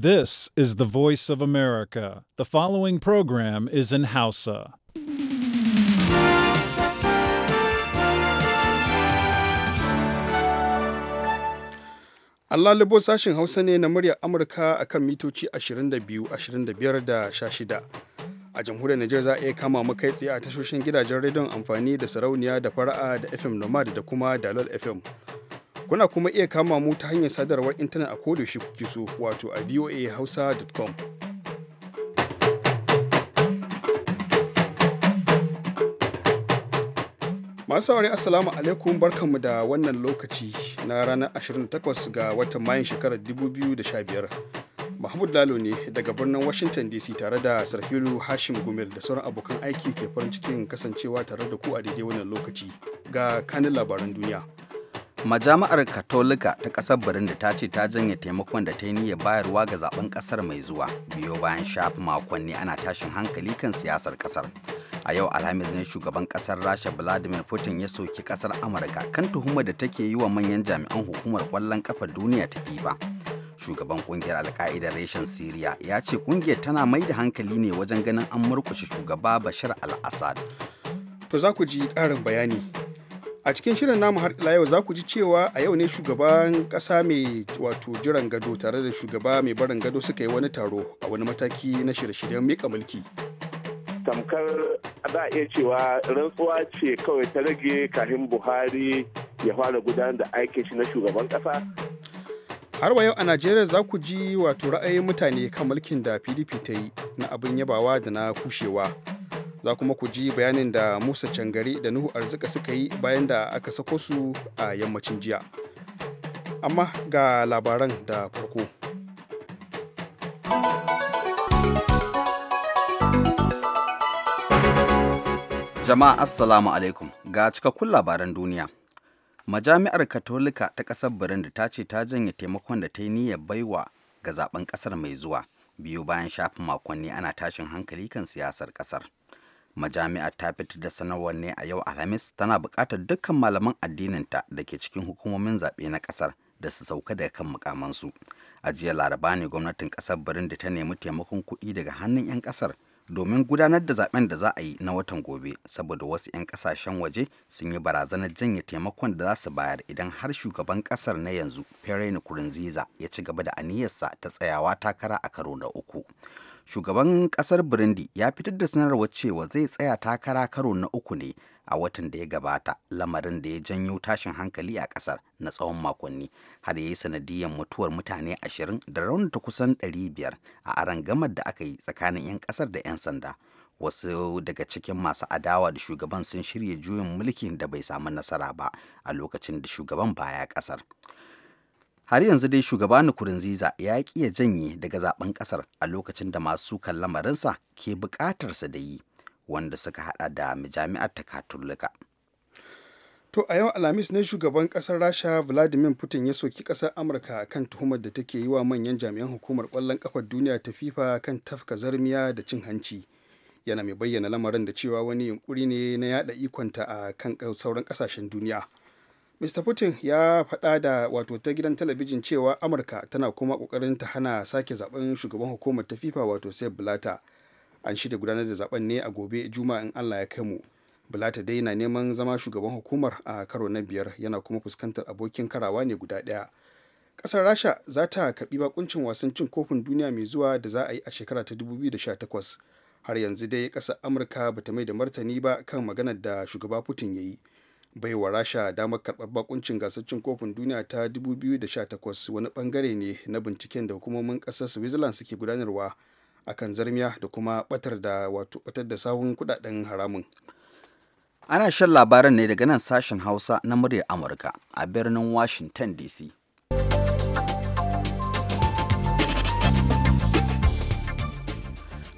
This is the voice of America. The following program is in Hausa. Allah labo sashin Hausa ne na muryar Amurka akan mitoci 22, 25 da 16. A jamhuriyar Nijar za a iya kama mu kai tsaye a tashoshin gidajen rediyon amfani da sarauniya da fara'a da FM Nomad da kuma Dalol FM. Kuna kuma iya kama mu ta hanyar sadarwar intanet a kodayaushe kuke so wato a voahausa.com. Masu saurari Assalamu alaikum barkanmu da wannan lokaci na ranar 28 ga watan Mayun shekarar 2015. Mahmud Lalo ne daga birnin Washington DC tare da Sarfilu Hashim Gumel da sauran abokan aiki ke farin cikin kasancewa tare da ku a daidai wannan lokaci ga kanin labaran duniya. majami'ar katolika ta ƙasar burundi ta ce ta janye taimakon da ta yi niyyar bayarwa ga zaben ƙasar mai zuwa biyo bayan shafi makonni ana tashin hankali kan siyasar ƙasar a yau alhamis ne shugaban ƙasar rasha vladimir putin ya soki ƙasar amurka kan tuhumar da take yi wa manyan jami'an hukumar ƙwallon ƙafa duniya ta fifa shugaban kungiyar alka'idar reshen siriya ya ce ƙungiyar tana mai da hankali ne wajen ganin an murkushe shugaba bashar al-assad to za ku ji ƙarin bayani a cikin shirin namu har ila yau za ku ji cewa a yau ne shugaban kasa mai wato jiran gado tare da shugaba mai barin gado suka yi wani taro a wani mataki na shirye-shiryen mika mulki tamkar za a iya cewa rantsuwa ce kawai ta rage kafin buhari ya fara gudanar da aikin shi na shugaban kasa har wa yau a najeriya za ku ji wato ra'ayin mutane kan mulkin da pdp ta yi na abin yabawa da na kushewa za kuma ku ji bayanin da musa cangari da nuhu arzika suka yi bayan da aka sako su a yammacin jiya amma ga labaran da farko jama'a assalamu alaikum ga cikakkun labaran duniya majami'ar katolika ta ƙasar burundi ta ce ta janye taimakon da ta yi niyyar baiwa ga zaben ƙasar mai zuwa biyu bayan shafin makonni ana tashin hankali kan siyasar ƙasar majami'ar ta fitar da sanarwar ne a yau alhamis tana bukatar dukkan malaman addininta da ke cikin hukumomin zaɓe na ƙasar da su sauka daga kan mukamansu a jiya laraba ne gwamnatin ƙasar burundi ta nemi taimakon kuɗi daga hannun 'yan ƙasar domin gudanar da zaɓen da za a yi na watan gobe saboda wasu 'yan kasashen waje sun yi barazanar janye taimakon da za su bayar idan har shugaban ƙasar na yanzu pierre nkurunziza ya ci gaba da aniyarsa ta tsayawa takara a karo na uku shugaban kasar burundi ya fitar da sanarwar cewa zai tsaya takara karo na uku ne a watan da ya gabata lamarin da ya janyo tashin hankali a kasar na tsawon makonni har ya yi sanadiyar mutuwar mutane ashirin da raunata kusan 500 a gamar da aka yi tsakanin 'yan kasar da 'yan sanda wasu daga cikin masu adawa da shugaban sun shirya juyin mulkin da bai samu nasara ba a lokacin da shugaban baya kasar har yanzu dai shugaba Nkurunziza ya ƙi ya janye daga zaben ƙasar a lokacin da masu kan lamarinsa ke buƙatarsa da yi wanda suka haɗa da majami'ar ta katolika. To a yau Alhamis ne shugaban ƙasar Rasha Vladimir Putin ya soki ƙasar Amurka kan tuhumar da take yi wa manyan jami'an hukumar ƙwallon kafar duniya ta FIFA kan tafka zarmiya da cin hanci. Yana mai bayyana lamarin da cewa wani yunkuri ne na yada ikonta a kan sauran kasashen duniya. mr putin ya faɗa da wato ta gidan talabijin cewa amurka tana kuma ƙoƙarin ta hana sake zaben shugaban hukumar ta fifa wato sai bulata an shirya gudanar da zaben ne a gobe juma'a in allah ya kai mu bulata dai na neman zama shugaban hukumar a karo na biyar yana kuma fuskantar abokin karawa ne guda ɗaya ƙasar rasha za ta karɓi bakuncin wasan cin kofin duniya mai zuwa da za a yi a shekara ta 2018 har yanzu dai ƙasar amurka bata mai da martani ba kan maganar da shugaba putin ya yi bai wa rasha damar karɓar bakuncin gasar cin kofin duniya ta 2018 wani bangare ne na binciken da hukumomin ƙasar switzerland suke gudanarwa a kan zarmiya da kuma batar da wato batar da sahun kudaden haramun ana shan labaran ne daga nan sashen hausa na muryar amurka a birnin washington dc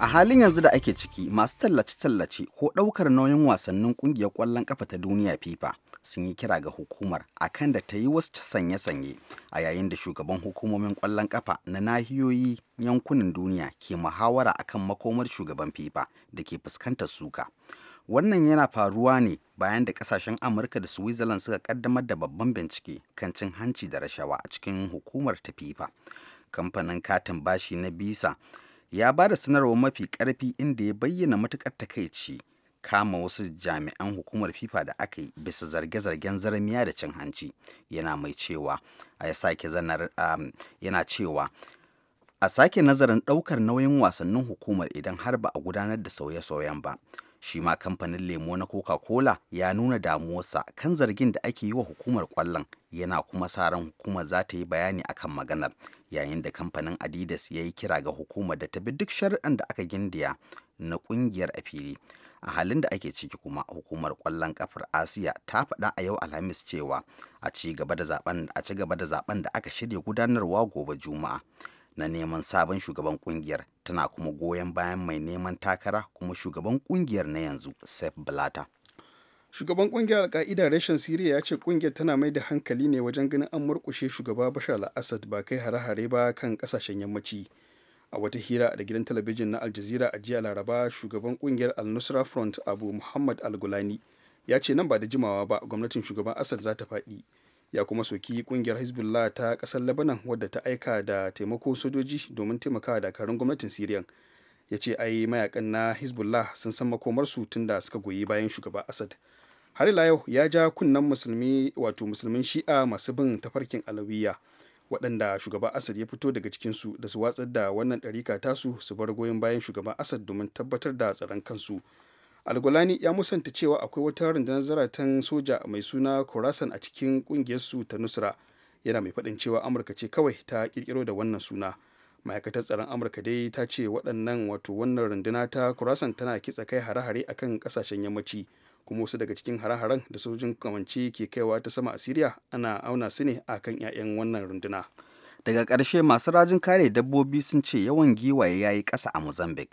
A halin yanzu da ake ciki masu tallace-tallace ko ɗaukar nauyin wasannin ƙungiyar ƙwallon ƙafa ta duniya FIFA sun yi kira ga hukumar a kan da ta yi wasu sanye-sanye a yayin da shugaban hukumomin ƙwallon ƙafa na nahiyoyi yankunan duniya ke muhawara a kan makomar shugaban FIFA da ke fuskantar suka. Wannan yana faruwa ne bayan da ƙasashen Amurka da Switzerland suka kaddamar da babban bincike kan cin hanci da rashawa a cikin hukumar ta FIFA. Kamfanin katin bashi na Visa ya ba da sanarwa mafi karfi inda ya bayyana matukar takaici kama wasu jami'an hukumar fifa da aka yi bisa zarge-zargen zarmiya da cin hanci yana mai cewa a sake zanar um, yana cewa a sake nazarin ɗaukar nauyin wasannin hukumar idan har ba a gudanar da sauye-sauyen ba shi ma kamfanin lemo na coca-cola ya nuna damuwarsa kan zargin da ake yi wa hukumar kwallon yana kuma sa ran hukumar za ta yi bayani akan maganar yayin da kamfanin adidas ya yi kira ga hukumar da ta bi duk shari'an da aka gindiya na kungiyar a fili a halin da ake ciki kuma hukumar kwallon kafar asiya ta faɗa a yau alhamis cewa a ci gaba da zaben da aka shirya gudanarwa gobe juma'a na neman sabon shugaban kungiyar tana kuma goyon bayan mai neman takara kuma shugaban kungiyar na yanzu Sef blata Shugaban kungiyar alka'ida reshen Siriya ya ce kungiyar tana mai da hankali ne wajen ganin an murkushe shugaba Bashar al ba kai hare-hare ba kan kasashen yammaci. A wata hira da gidan talabijin na Al Jazeera a jiya Laraba shugaban kungiyar Al-Nusra Front Abu Muhammad Al-Gulani ya ce nan ba da jimawa ba gwamnatin shugaban Assad za ta faɗi. ya kuma soki kungiyar hezbollah ta kasar labanan wadda ta aika da taimako sojoji domin taimakawa dakarun gwamnatin syrian ya ce ai mayakan na hezbollah sun san makomarsu tun da suka goyi bayan shugaba asad har ila yau ya ja kunnen musulmi wato musulmin shi'a masu bin tafarkin alawiya waɗanda shugaba asad ya fito daga cikinsu da su watsar da wannan ɗarika tasu su bar goyon bayan shugaba asad domin tabbatar da tsaron kansu algolani ya musanta cewa akwai wata rundunar zaratan soja mai suna khorasan a cikin kungiyarsu ta nusra yana mai faɗin cewa amurka ce kawai ta kirkiro da wannan suna ma'aikatar tsaron amurka dai ta ce waɗannan wato wannan runduna ta khorasan tana kitsa kai hare-hare akan ƙasashen yammaci kuma wasu daga cikin hare-haren da sojojin kamanci ke kaiwa ta sama a siriya ana auna su ne akan 'ya'yan wannan runduna daga ƙarshe masu rajin kare dabbobi sun ce yawan giwaye ya yi ƙasa a mozambique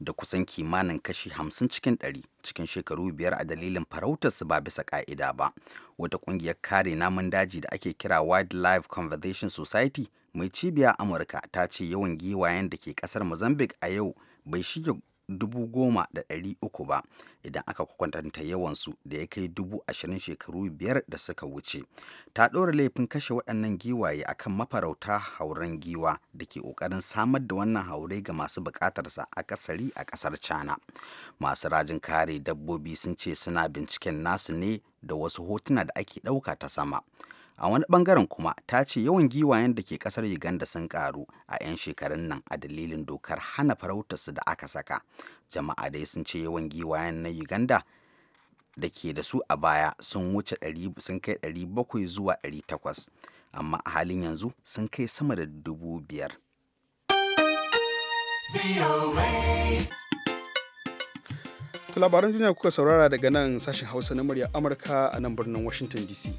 da kusan kimanin kashi 50 cikin 100 cikin shekaru biyar a dalilin farautarsu ba bisa ka'ida ba wata ƙungiyar kare namun daji da ake kira wildlife conservation society mai cibiya amurka ta ce yawan giwayen da ke kasar mozambique a yau bai shige 10,300 ba idan aka kwatanta yawansu da ya kai 20,000 shekaru biyar da suka wuce ta ɗora laifin kashe waɗannan giwaye a kan mafarauta hauren giwa da ke ƙoƙarin samar da wannan haure ga masu buƙatarsa a ƙasari a ƙasar china masu rajin kare dabbobi sun ce suna binciken nasu ne da wasu hotuna da ake ɗauka ta sama a wani bangaren kuma ta ce yawan giwayen da ke kasar uganda sun karu a 'yan shekarun nan a dalilin dokar hana farautarsu da aka saka jama'a dai sun ce yawan giwayen na uganda da ke da su a baya sun wuce sun kai 700 zuwa 800 amma a halin yanzu sun kai sama da 5,000 labaran duniya kuka saurara daga nan sashen hausa na murya amurka a nan birnin washington dc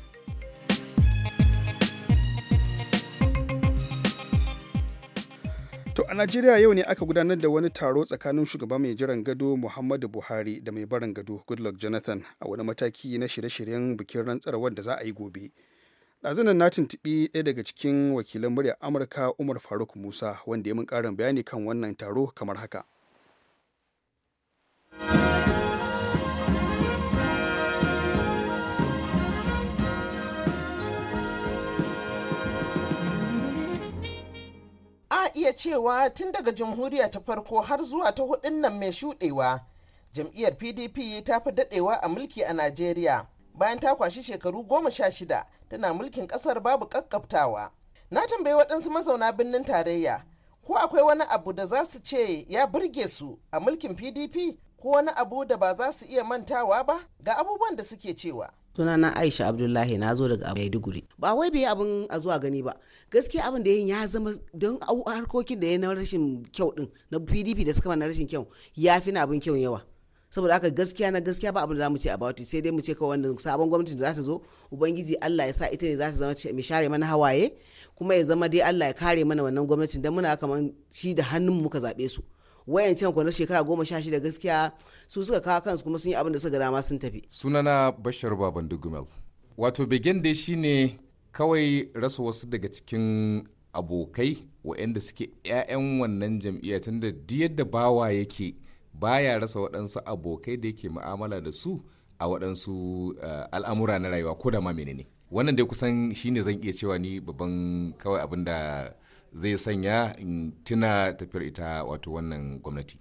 To a Najeriya yau ne aka gudanar da wani taro tsakanin shugaba mai jiran gado Muhammadu Buhari da mai barin gado Goodluck Jonathan a wani mataki na shirye-shiryen bikin rantsarwar da za a yi gobe. Ɗazunan na tuntuɓi ɗaya daga cikin wakilan muryar Amurka Umar Faruk Musa wanda ya mun ƙarin bayani kan wannan taro kamar haka. iya cewa tun daga jamhuriya ta farko har zuwa ta hudun nan mai shuɗewa jam'iyyar pdp ta fi daɗewa a mulki a najeriya bayan ta kwashi shekaru goma sha shida tana mulkin ƙasar babu ƙaƙƙabtawa na tambayi waɗansu mazauna birnin tarayya ko akwai wani abu da za su ce ya burge su a mulkin pdp ko wani abu da ba za su iya mantawa ba ga abubuwan da suke cewa suna na aisha abdullahi na zo daga maiduguri ba wai bai abin a zuwa gani ba gaskiya abin da yin ya zama don harkokin da ya na rashin kyau din na pdp da suka ma na rashin kyau ya fi abin kyau yawa saboda haka gaskiya na gaskiya ba abin da mu ce about it sai dai mu ce kawai wannan sabon gwamnati da za ta zo ubangiji Allah ya sa ita ne za ta zama mai share mana hawaye kuma ya zama dai Allah ya kare mana wannan gwamnatin don muna kamar shi da hannun muka zaɓe su wayancan kwanar shekara goma sha shida gaskiya su suka kawo kansu kuma sun yi abin da suka dama sun tafi sunana bashar baban dugumel wato begin dai shine kawai rasa wasu daga cikin abokai wa'anda suke 'ya'yan wannan jam'iyya tun da yadda bawa yake baya rasa waɗansu abokai da yake mu'amala da su a waɗansu eh, al'amura na rayuwa ko da ma menene wannan dai kusan shine zan iya cewa ni babban kawai abin da zai sanya in tuna tafiyar ita wato wannan gwamnati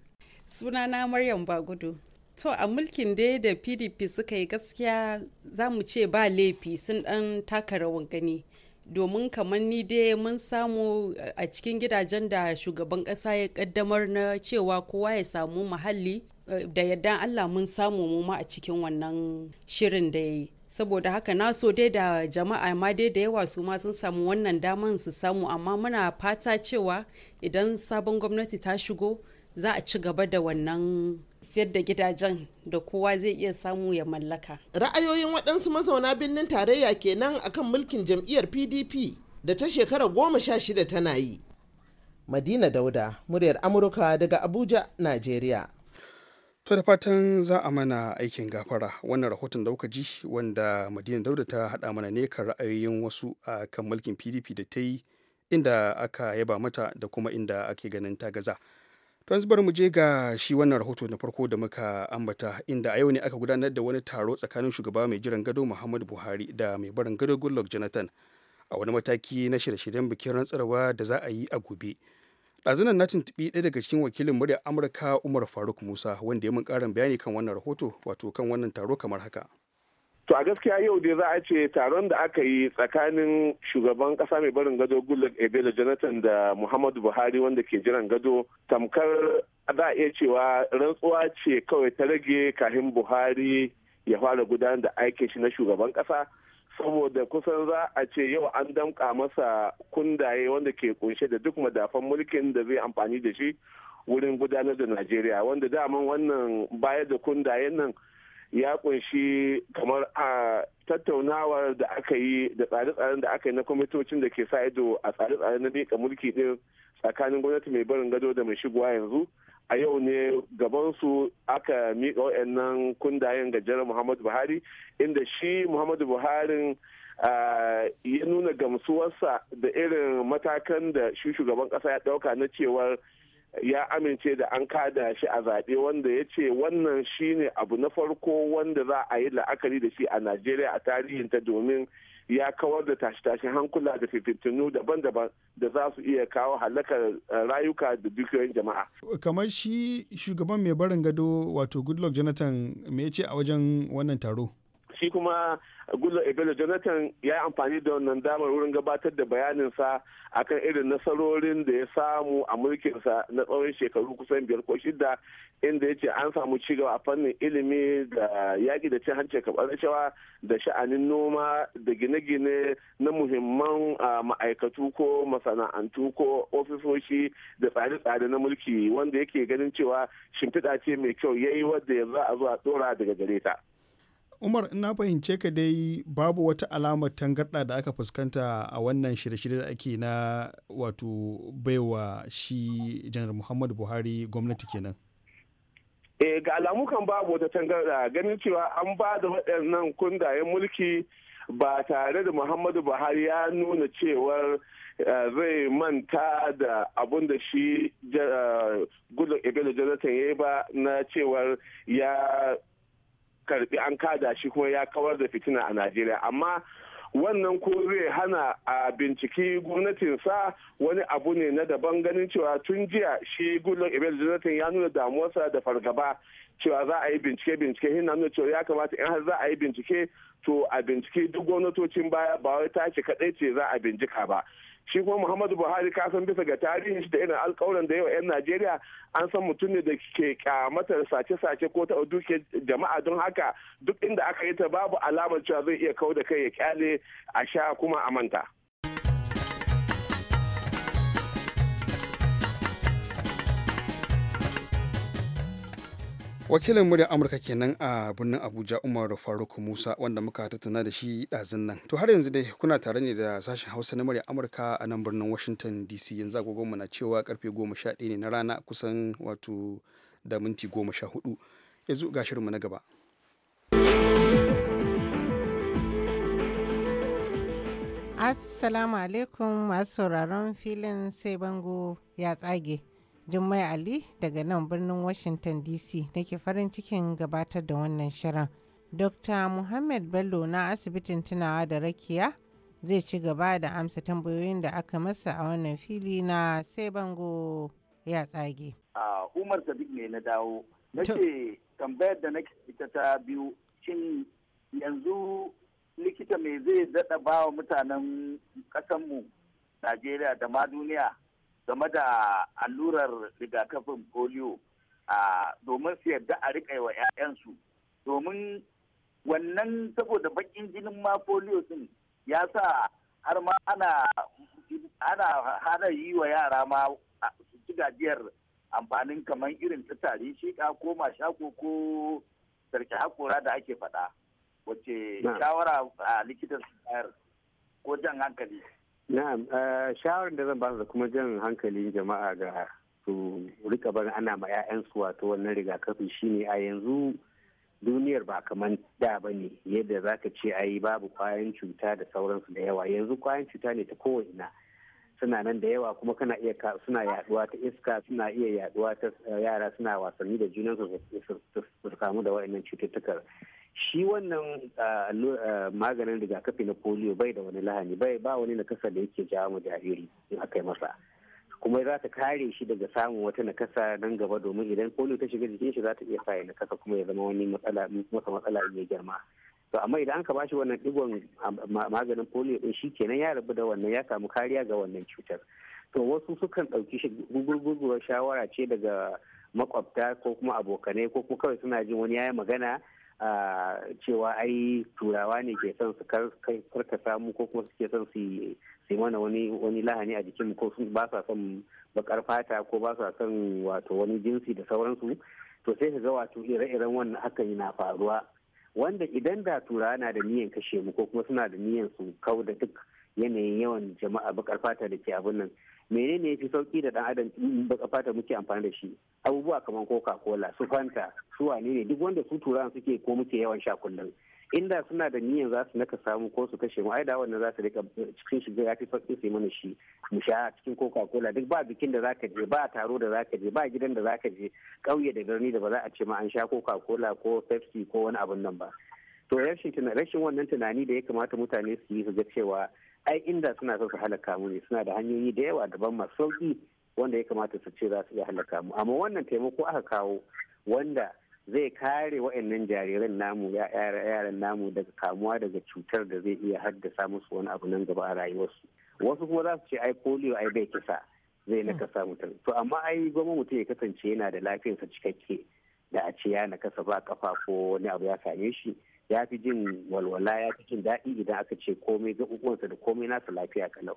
sunana maryam bagudu to a mulkin dai da pdp suka yi gaskiya za mu ce ba laifi sun dan taka rawan gani domin kamar ni dai mun samu a cikin gidajen da shugaban ƙasa ya ƙaddamar na cewa kowa ya samu muhalli eh, da yadda allah mun samu mu ma a cikin wannan shirin da ya yi saboda haka na so dai da jama'a ma dai da yawa su ma sun samu wannan daman su samu amma muna fata cewa idan sabon gwamnati ta shigo za a ci gaba da wannan siyar da gidajen da kowa zai iya samu ya mallaka. Ra'ayoyin waɗansu mazauna birnin tarayya kenan akan mulkin jam'iyyar PDP da ta shekara goma sha shida tana yi. Madina Dauda, muryar Amurka daga Abuja, nigeria. to da fatan za a mana aikin gafara wannan rahoton da kuka ji wanda madina dauda ta hada mana ne kan ra'ayoyin wasu a kan mulkin pdp da ta yi inda aka yaba mata da kuma inda ake ganin ta gaza to yanzu mu je ga shi wannan rahoto na farko da muka ambata inda a yau ne aka gudanar da wani taro tsakanin shugaba mai jiran gado muhammadu buhari da mai barin gado goodluck jonathan a wani mataki na shirye-shiryen bikin rantsarwa da za a yi a gobe ɗazunan na tuntuɓi ɗaya daga cikin wakilin murya amurka umar faruk musa wanda ya mun ƙarin bayani kan wannan rahoto wato kan wannan taro kamar haka to a gaskiya yau dai za a ce taron da aka yi tsakanin shugaban kasa mai barin gado goodluck ebele jonathan da muhammadu buhari wanda ke jiran gado tamkar za a iya cewa rantsuwa ce kawai ta rage kahin buhari ya fara gudanar da aikin shi na shugaban kasa saboda kusan za a ce yau an damka masa kundaye wanda ke kunshe da duk madafan mulkin da zai amfani da shi wurin gudanar da najeriya wanda daman wannan bayar da kundayen nan ya kunshi kamar a tattaunawar da aka yi da tsare-tsaren da aka yi na kwamitocin da ke sa ido a tsare-tsaren na nika mulki din tsakanin gwamnati mai barin gado da mai shigowa yanzu a yau ne gabansu aka miƙa wa'annan kundayen ga jiran muhammadu buhari inda shi muhammadu buhari ya nuna gamsuwarsa da irin matakan da shi shugaban ƙasa ya ɗauka na cewar ya amince da an kada shi a zaɓe wanda ya ce wannan shi ne abu na farko wanda za a yi la'akari da shi a najeriya a tarihinta domin ya kawar da tashe-tashen hankula da fitintunu daban-daban da za su iya kawo halakar eh, rayuka da dukiyoyin jama'a. Kamar shi shugaban mai barin gado wato Goodluck Jonathan me ya ce a wajen wannan taro? shi kuma gullo ebelo jonathan ya yi amfani da wannan damar wurin gabatar da bayaninsa akan irin nasarorin da ya samu a mulkinsa na tsawon shekaru kusan biyar ko shida inda ya ce an samu cigaba a fannin ilimi da yaƙi da cin hanci kamar rashawa da sha'anin noma da gine-gine na muhimman ma'aikatu ko masana'antu ko ofisoshi da tsare-tsare na mulki wanda yake ganin cewa shimfiɗa ce mai kyau ya yi wadda yanzu a zuwa tsora daga gare ta. Umar na fahimce ka dai babu wata alamar tangarɗa da aka fuskanta a wannan shirye-shirye da ake na wato baiwa shi janar Muhammadu Buhari gwamnati kenan. Eh ga alamu kan babu wata tangarɗa ganin cewa an ba da waɗannan kundayen mulki ba tare da Muhammadu Buhari ya nuna cewar eh, zai manta da abun da shi gudun da eh, jonathan ya yi ba na cewar ya karbi an kada shi kuma ya kawar da fitina a najeriya amma wannan ko zai hana a binciki gwamnatinsa wani abu ne na daban ganin cewa tun jiya shi gullon ibel jonathan ya nuna damuwarsa da fargaba cewa za a yi bincike bincike na nuna cewa ya kamata in har za a yi bincike to a bincike duk gwamnatocin baya ba wai tashi kadai ce za a bincika ba shi kuma muhammadu buhari ka san bisa ga tarihin shi da irin alkawarin da yau 'yan najeriya an san mutum ne da ke kyamatar sace-sace ko ta duke jama'a don haka duk inda aka yi ta babu alamar cewa zai iya kau da kai ya kyale a sha kuma a manta. wakilin murya amurka kenan a birnin abuja umaru faruk musa wanda muka tattauna da shi ɗazun nan to har yanzu dai kuna tare ne da sashen hausa na murya amurka a nan birnin washington dc yanzu agogon na cewa karfe goma sha ɗaya ne na rana kusan wato da minti goma sha hudu yanzu ga shirinmu na gaba assalamu alaikum masu sauraron filin sai bango ya tsage Jummai Ali daga nan birnin Washington DC nake farin cikin gabatar da wannan shirin. Dr. Muhammad Bello na asibitin tunawa da rakiya zai ci gaba da amsa tambayoyin da aka masa a wannan fili na sai bango ya tsage. Umar Sadiq ne na dawo. Nake tambayar da nake ita ta biyu shin yanzu likita mai zai daɗa ba wa mutanen ƙasanmu Najeriya da ma duniya game da allurar rigakafin polio domin su yarda a riƙa wa 'ya'yansu domin wannan saboda bakin jinin ma polio din ya sa har ma ana ana hana yi wa yara ma su ci gajiyar amfanin kamar irin ta tari shiƙa ko mashako ko sarki hakora da ake faɗa wacce shawara a likitan bayar ko jan hankali Na'am, eh, shawarar da zan ba da kuma jan hankalin jama'a ga su rika barin ana ma 'ya'yansu wato wannan rigakafi shine a yanzu duniyar ba kamar da ba ne yadda za ka ce ayi babu kwayan cuta da sauransu da yawa yanzu kwayan cuta ne ta kowane suna nan da yawa kuma kana iya suna yaduwa ta iska suna iya yaduwa ta eh, yara suna wasanni da junansu su kamu da waɗannan cututtukar shi wannan maganin rigakafi na polio bai da wani lahani bai ba wani nakasa da yake jawo mu jariri in aka yi masa kuma za ta kare shi daga samun wata nakasa nan gaba domin idan polio ta shiga jikin shi za ta iya sa nakasa kuma ya zama wani matsala masa matsala ya girma to amma idan an ka bashi wannan digon maganin polio din shi kenan ya rabu da wannan ya samu kariya ga wannan cutar to wasu sukan ɗauki shi gugurguguwar shawara ce daga makwabta ko kuma abokanai ko kuma kawai suna jin wani yayi magana cewa ai turawa ne ke son su karkasa mu ko kuma suke son su yi mana wani lahani a jikin ko sun ba sa son bakar fata ko ba sa son wato wani jinsi da sauransu to sai ka ga wato ire-iren wannan yi na faruwa wanda idan da turawa na da niyan kashe mu ko kuma suna da niyan su kau da duk yanayin yawan jama'a bakar fata da ke abin nan menene ya fi sauki da dan adam baka fata muke amfani da shi abubuwa kamar coca cola su fanta su wane ne duk wanda su turan suke ko muke yawan sha kullum inda suna da niyyar za su naka samu ko su kashe mu ai da wannan za su rika cikin shiga ya fi sauki su mana shi mu sha cikin coca cola duk ba bikin da za ka je ba taro da za ka je ba gidan da za ka je kauye da birni da ba za a ce ma an sha coca cola ko pepsi ko wani abun nan ba to rashin wannan tunani da ya kamata mutane su yi su ga cewa ai inda suna so su halaka mu ne suna da hanyoyi da yawa daban masu sauki wanda ya kamata su ce za su iya halaka mu amma wannan taimako aka kawo wanda zai kare wa'annan jariran namu yaran namu daga kamuwa daga cutar da zai iya haddasa musu wani abu nan gaba a rayuwarsu wasu kuma za su ce ai polio ai bai kisa zai na kasa hmm. mutum to amma ai goma mutum ya kasance yana da lafiyarsa cikakke da a ce ya na kasa ba kafa ko wani abu ya same shi ya fi jin walwala ya fi jin daɗi idan aka ce komai ga ukuwansa da komai nasa lafiya kalau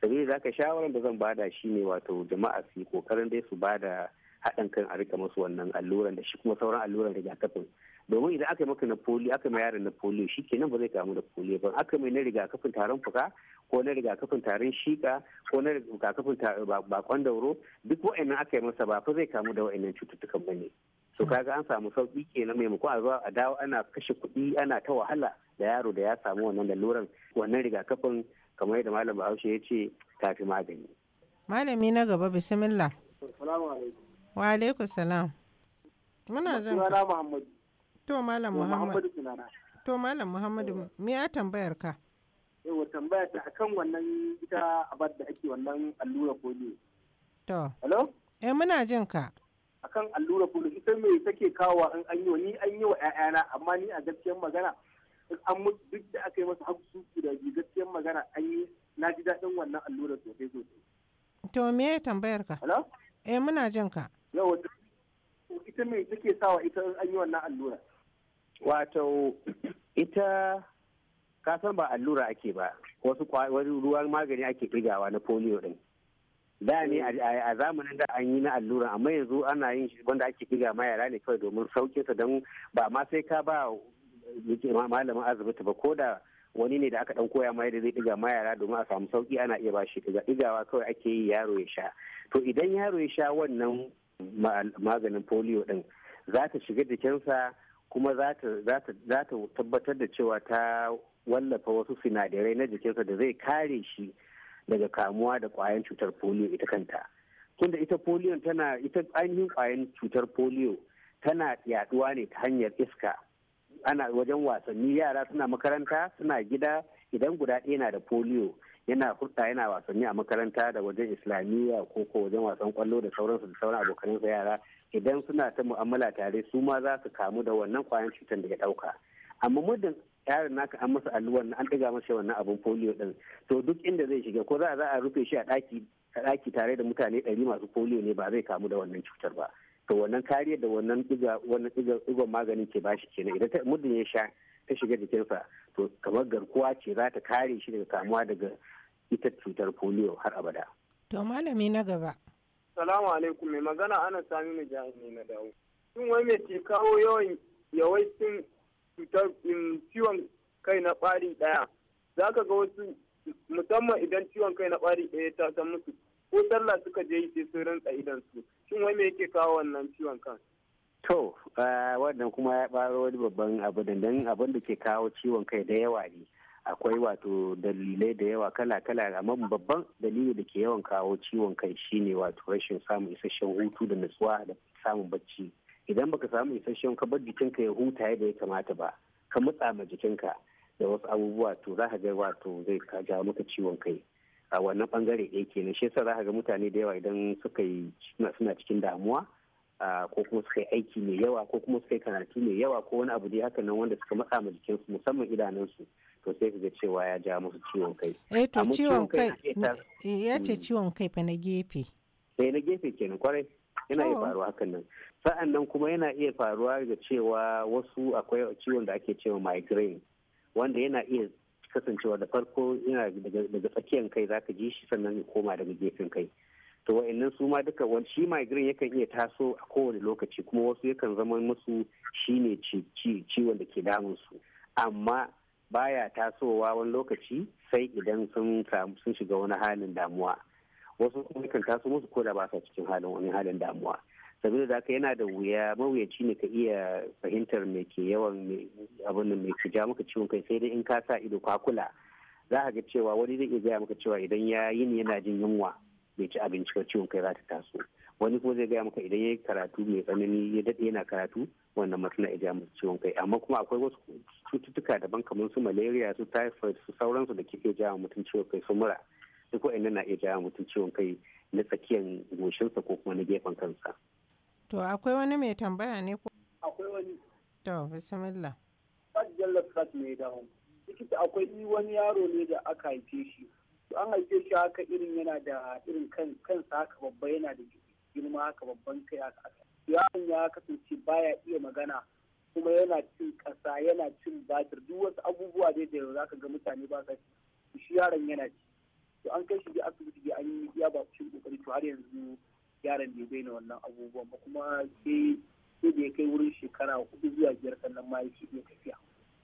sabili zaka ka shawarar da zan bada shi ne wato jama'a su yi kokarin dai su bada haɗin kan a rika masu wannan alluran da shi kuma sauran alluran rigakafin domin idan aka yi maka na polio aka mai yaron na polio shi kenan ba zai kamu da polio ba aka mai na rigakafin tarin fuka ko na rigakafin tarin shika ko na rigakafin bakon dauro duk wa'annan aka yi masa ba fa zai kamu da wa'annan cututtukan ba ne so kaga an samu sauki kenan maimakon a zuwa a dawo ana kashe kuɗi ana ta wahala da yaro da ya samu wannan laluran wannan rigakafin kamar yadda malam bahaushe ya ce kafi magani malami na gaba bismillah wa alaikum salam muna zan sunana muhammadu to malam muhammadu to malam muhammadu me ya tambayar ka yawa tambaya ta akan wannan ita abar da ake wannan allura polio to hello eh muna jin ka akan allura polio san me take kawo in an yi ni an yi wa ƴaƴana amma ni a gaskiyar magana an mutu duk da aka yi masa haku su guda biyu gaskiyar magana an yi na ji daɗin wannan allurar sosai sosai. To me ya tambayar ka? Hello? Eh muna jin ka. Yawa ita me take sawa ita an yi wannan allura? Wato ita ka san ba allura ake ba wasu ruwan magani ake ɗigawa na polio din. da ne a zamanin da an yi na allura amma yanzu ana yin shi wanda ake diga ma yara ne kawai domin saukin sa don ba ma sai ka ba malamin asibiti ba ko da wani ne da aka dan koya ma yadda zai diga ma yara domin a samu sauki ana iya ba shi diga digawa kawai ake yi yaro ya sha to idan yaro ya sha wannan maganin polio din za ta shiga jikinsa kuma za ta tabbatar da cewa ta wallafa wasu sinadarai na jikinsa da zai kare shi daga kamuwa da kwayan cutar polio ita kanta tunda ita polio tana ita ainihin kwayan cutar polio tana yaduwa ne ta hanyar iska ana wajen wasanni yara suna makaranta suna gida idan guda ɗaya na da polio yana furta yana wasanni a makaranta da wajen islamiyya ko ko wajen wasan kwallo da sauransu da sauran abokanansa yara idan suna ta mu'amala tare su ma za su kamu da wannan kwayan cutar da ya ɗauka amma muddin yaron naka an masa alluwan an ɗiga masa wannan abin polio din to duk inda zai shiga ko za a rufe shi a ɗaki tare da mutane ɗari masu polio ne ba zai kamu da wannan cutar ba to wannan kariya da wannan ɗiga wannan maganin ke bashi kenan idan muddin ya sha ta shiga jikinsa to kamar garkuwa ce za ta kare shi daga kamuwa daga ita cutar polio har abada. To malami na gaba. Salamu alaikum mai magana ana sami mu jami'i na dawo. Shin wai mai ke kawo yawan yawaitin cutar ciwon kai na ɓari ɗaya za ka ga wasu musamman idan ciwon kai na ɓari ɗaya ta san musu ko sallah suka je yi sai sun rantsa idan su shin wai yake kawo wannan ciwon kan to wannan kuma ya ɓaro wani babban abu da dan abin da ke kawo ciwon kai da yawa ne akwai wato dalilai da yawa kala-kala amma babban dalili da ke yawan kawo ciwon kai shine wato rashin samun isasshen hutu da nutsuwa da samun bacci idan baka samu isasshen ka bar jikinka ya huta yadda ya kamata ba ka matsa ma jikinka da wasu abubuwa to za ka ga wato zai ja maka ciwon kai a wannan bangare ɗaya kenan shi yasa za ka ga mutane da yawa idan suka yi suna cikin damuwa ko kuma suka yi aiki mai yawa ko kuma suka yi karatu mai yawa ko wani abu dai haka nan wanda suka matsa ma jikinsu musamman idanunsu to sai ka ga cewa ya ja musu ciwon kai. Eh to ciwon kai ya ce hmm. ciwon kai fa na gefe. Eh na gefe kenan kwarai yana iya faruwa hakan nan. sa'an nan kuma yana iya faruwa da cewa wasu akwai ciwon da ake cewa migraine wanda yana iya kasancewa da farko yana daga tsakiyar kai za ka ji shi sannan ya koma daga gefen kai to wa'annan su ma duka wani shi migraine yakan iya taso a kowane lokaci kuma wasu yakan zama musu shine ciwon da ke damun su amma baya tasowa wani lokaci sai idan sun sun shiga wani halin damuwa wasu kuma yakan taso musu ko da ba sa cikin halin wani halin damuwa saboda da haka yana da wuya mawuyaci ne ka iya fahimtar me ke yawan abin da mai ja maka ciwon kai sai dai in ka sa ido ka kula za a ga cewa wani zai iya gaya maka cewa idan ya yi ne yana jin yunwa bai ci abinci ba ciwon kai za ta taso wani kuma zai gaya maka idan ya yi karatu mai tsanani ya dade yana karatu wannan matsala iya ja ciwon kai amma kuma akwai wasu cututtuka daban kamar su malaria su typhoid su sauransu da ke iya jawo mutum ciwon kai su mura duk wa'annan na iya jawo mutum ciwon kai na tsakiyan goshinsa ko kuma na gefen kansa. To akwai wani mai tambaya ne ko? Akwai wani. To bismillah. jalla Fat mai dawo. Likita akwai wani yaro ne da aka haife shi. An haife shi haka irin yana da irin kan kansa haka babba yana da girma haka babban kai haka. Yaron ya kasance baya iya magana kuma yana cin kasa yana cin batir duk wasu abubuwa dai da za ka ga mutane ba sa Shi yaron yana ci. To an kai shi da asibiti an yi ya ba shi kokari to har yanzu yaran bai daina wannan abubuwan ba kuma sai sai da ya kai wurin shekara hudu zuwa biyar sannan ma ya tafiya.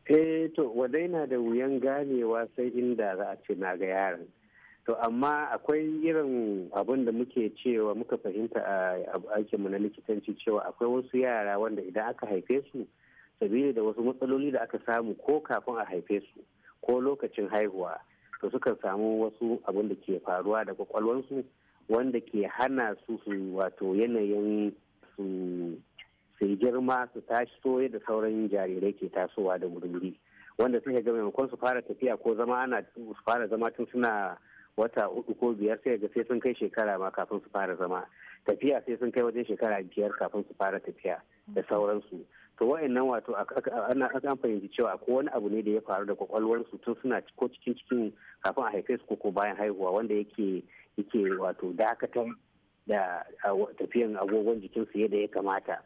eh to wadai na da wuyan ganewa sai inda za a ce na ga yaran to amma akwai irin abin da muke cewa muka fahimta a mu na likitanci cewa akwai wasu yara wanda idan aka haife su sabili da wasu matsaloli da aka samu ko kafin a haife su ko lokacin haihuwa to suka samu wasu abin da ke faruwa da kwakwalwansu wanda ke hana su su wato yanayin su su girma su tashi so da sauran jarirai ke tasowa da wuri wanda suka ga maimakon su fara tafiya ko zama ana su fara zama tun suna wata uku ko biyar sai ga sai sun kai shekara ma kafin su fara zama tafiya sai sun kai wajen shekara biyar kafin su fara tafiya da mm. sauransu to wa'annan wato ana an fahimci cewa ko wani abu ne da ya faru da kwakwalwarsu tun suna ko cikin cikin kafin a haife su ko bayan haihuwa wanda yake yake wato dakatar da tafiyan agogon jikinsu yadda ya kamata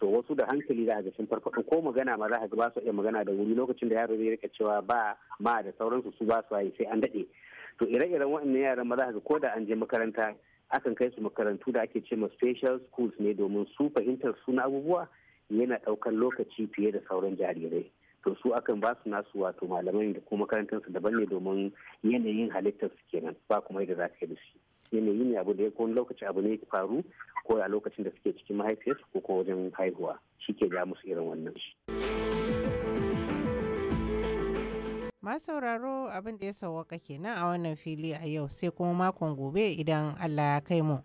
to wasu da hankali za ga sun farfaɗo ko magana ma za ga ba su iya magana da wuri lokacin da yaro zai rika cewa ba ma da sauransu su ba su yi sai an daɗe to ire-iren waɗannan yaran ma za ga ko da an je makaranta akan kai su makarantu da ake ce ma special schools ne domin su fahimtar su na abubuwa yana ɗaukar lokaci fiye da sauran jarirai to su akan ba su nasu wato malamai da kuma makarantarsu daban ne domin yanayin halittar su kenan ba kuma yadda za ka yi da shi yanayi ne abu da ya wani lokaci abu ne ya faru ko a lokacin da suke cikin mahaifiyarsu ko kuma wajen haihuwa shi ke ja musu irin wannan shi. sauraro abin da ya sauwaka kenan a wannan fili a yau sai kuma makon gobe idan Allah ya kai mu.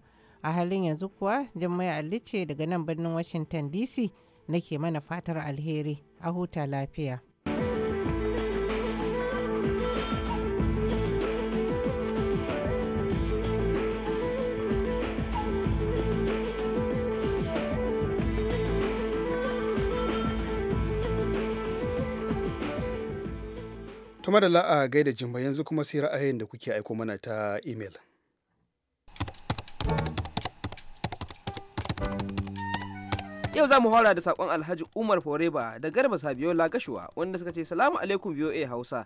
A halin yanzu kuwa Jummai Alice daga nan birnin Washington DC nake mana fatar alheri a huta lafiya. kuma da la'a gaida jimba yanzu kuma sai ra'ayin da kuke aiko mana ta imel. Yau za mu fara da sakon Alhaji Umar Foreba da Garba sabiyo lagashuwa wanda suka ce salamu alaikum VOA Hausa.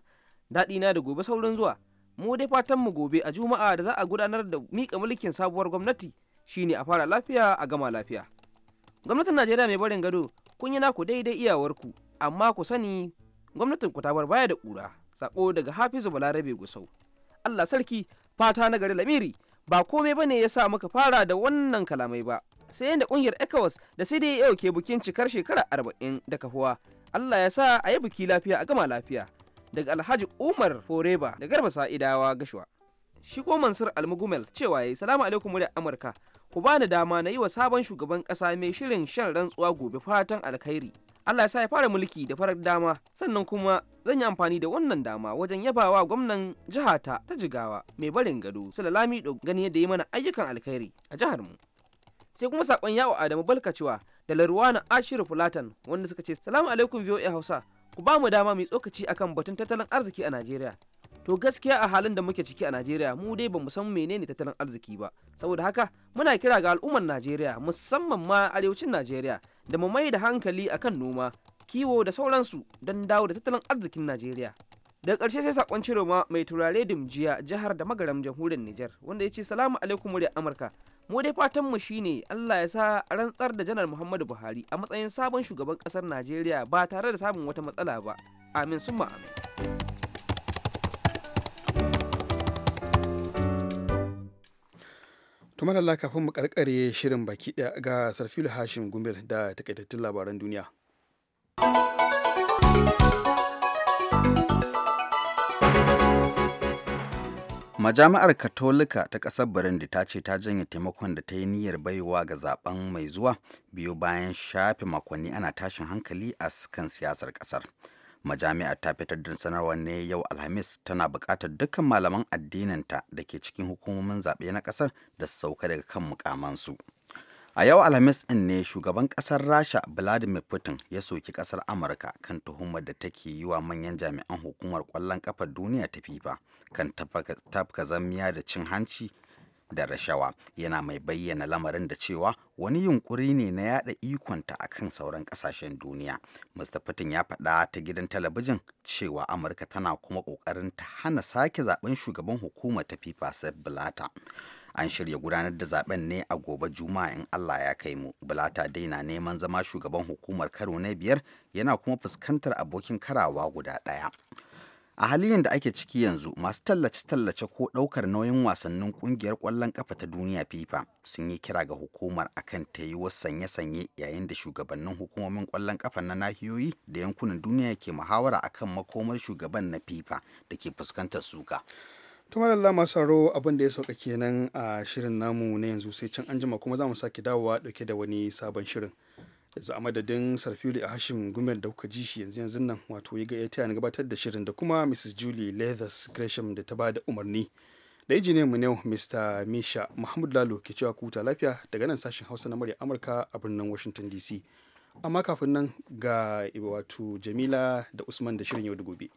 Daɗi na da gobe saurin zuwa. Mu dai fatan mu gobe a Juma'a da za a gudanar da mika mulkin sabuwar gwamnati shine a fara lafiya a gama lafiya. Gwamnatin Najeriya mai barin gado kun yi naku daidai iyawarku amma ku sani gwamnatin ku ta baya da ƙura. Sako daga Hafizu Balarabe Gusau. Allah sarki fata na gari Lamiri ba komai ba ne ya sa muka fara da wannan kalamai ba sai yadda ƙungiyar ecowas da sai dai yau ke bikin cikar shekara arba'in da kahuwa allah ya sa a yi biki lafiya a gama lafiya daga alhaji umar foreba da garba sa'idawa gashuwa shi ko mansur almugumel cewa ya yi salamu alaikum da amurka ku bani dama na yi wa sabon shugaban ƙasa mai shirin shan rantsuwa gobe fatan alkhairi Allah ya sa ya fara mulki da farar dama sannan kuma zan yi amfani da wannan dama wajen yabawa gwamnan jihata ta jigawa mai barin gado salalami do gani yadda yi mana ayyukan alkhairi a jihar mu sai kuma sakon yawo Adamu Balkacewa da larwana Ashiru Fulatan wanda suka ce salamu alaikum VOA Hausa ku ba mu dama mai tsokaci akan batun tattalin arziki a Najeriya to gaskiya a halin da muke ciki a najeriya mu dai bamu san menene tattalin arziki ba saboda haka muna kira ga al'ummar najeriya musamman ma arewacin najeriya da mu mai da hankali akan noma kiwo da sauransu don dawo da tattalin arzikin najeriya da ƙarshe sai sakon ciroma mai turare dimjiya jihar da magaram jamhuriyar niger wanda ya ce salamu alaikum muryar amurka mu dai fatan mu shine allah ya sa rantsar da janar muhammadu buhari a matsayin sabon shugaban kasar najeriya ba tare da samun wata matsala ba amin summa amin to Allah kafin mu karkare shirin baki daya ga sarfilu hashim gumbel da takaitattun labaran duniya majami'ar katolika ta ƙasar burundi ta ce ta janye taimakon da ta yi niyyar baiwa ga zaben mai zuwa biyu bayan shafe makonni ana tashin hankali a kan siyasar ƙasar. majami'ar ta fitar da sanarwar ne yau alhamis tana buƙatar dukkan malaman addininta da ke cikin hukumomin zaɓe na ƙasar da su sauka daga kan mukamansu a yau alhamis ɗin ne shugaban ƙasar rasha vladimir putin ya soki ƙasar amurka kan tuhumar da take yi wa manyan jami'an hukumar ƙwallon ƙafar duniya ta fifa kan tafka zammiya da cin hanci da rashawa yana mai bayyana lamarin da cewa wani yunkuri ne na yada ikonta a kan sauran kasashen duniya mr putin ya faɗa ta gidan talabijin cewa amurka tana kuma ƙoƙarin ta hana sake zaben shugaban hukumar ta fifa sepp blatter an shirya gudanar da zaben ne a gobe juma'a in allah ya kai mu bulata daina neman zama shugaban hukumar karo na biyar yana kuma fuskantar abokin karawa guda ɗaya a halin da ake ciki yanzu masu tallace-tallace ko ɗaukar nauyin wasannin ƙungiyar kwallon kafa ta duniya fifa sun yi kira ga hukumar akan ta yi sanye-sanye yayin da shugabannin hukumomin kwallon kafa na nahiyoyi da yankunan duniya ke muhawara akan makomar shugaban na fifa da ke fuskantar suka tumar Allah masu haro abin da ya sauka kenan a shirin namu na yanzu sai can anjima kuma za mu sake dawowa dauke da wani sabon shirin yanzu a madadin sarfili a hashim gumel da kuka ji shi yanzu yanzu nan wato ya ga ya gabatar da shirin da kuma mrs julie leathers gresham da ta ba da umarni da ne mu ne mr misha mahmud lalo ke cewa kuta lafiya daga nan sashen hausa na murya amurka a birnin washington dc amma kafin nan ga wato jamila da usman da shirin yau da gobe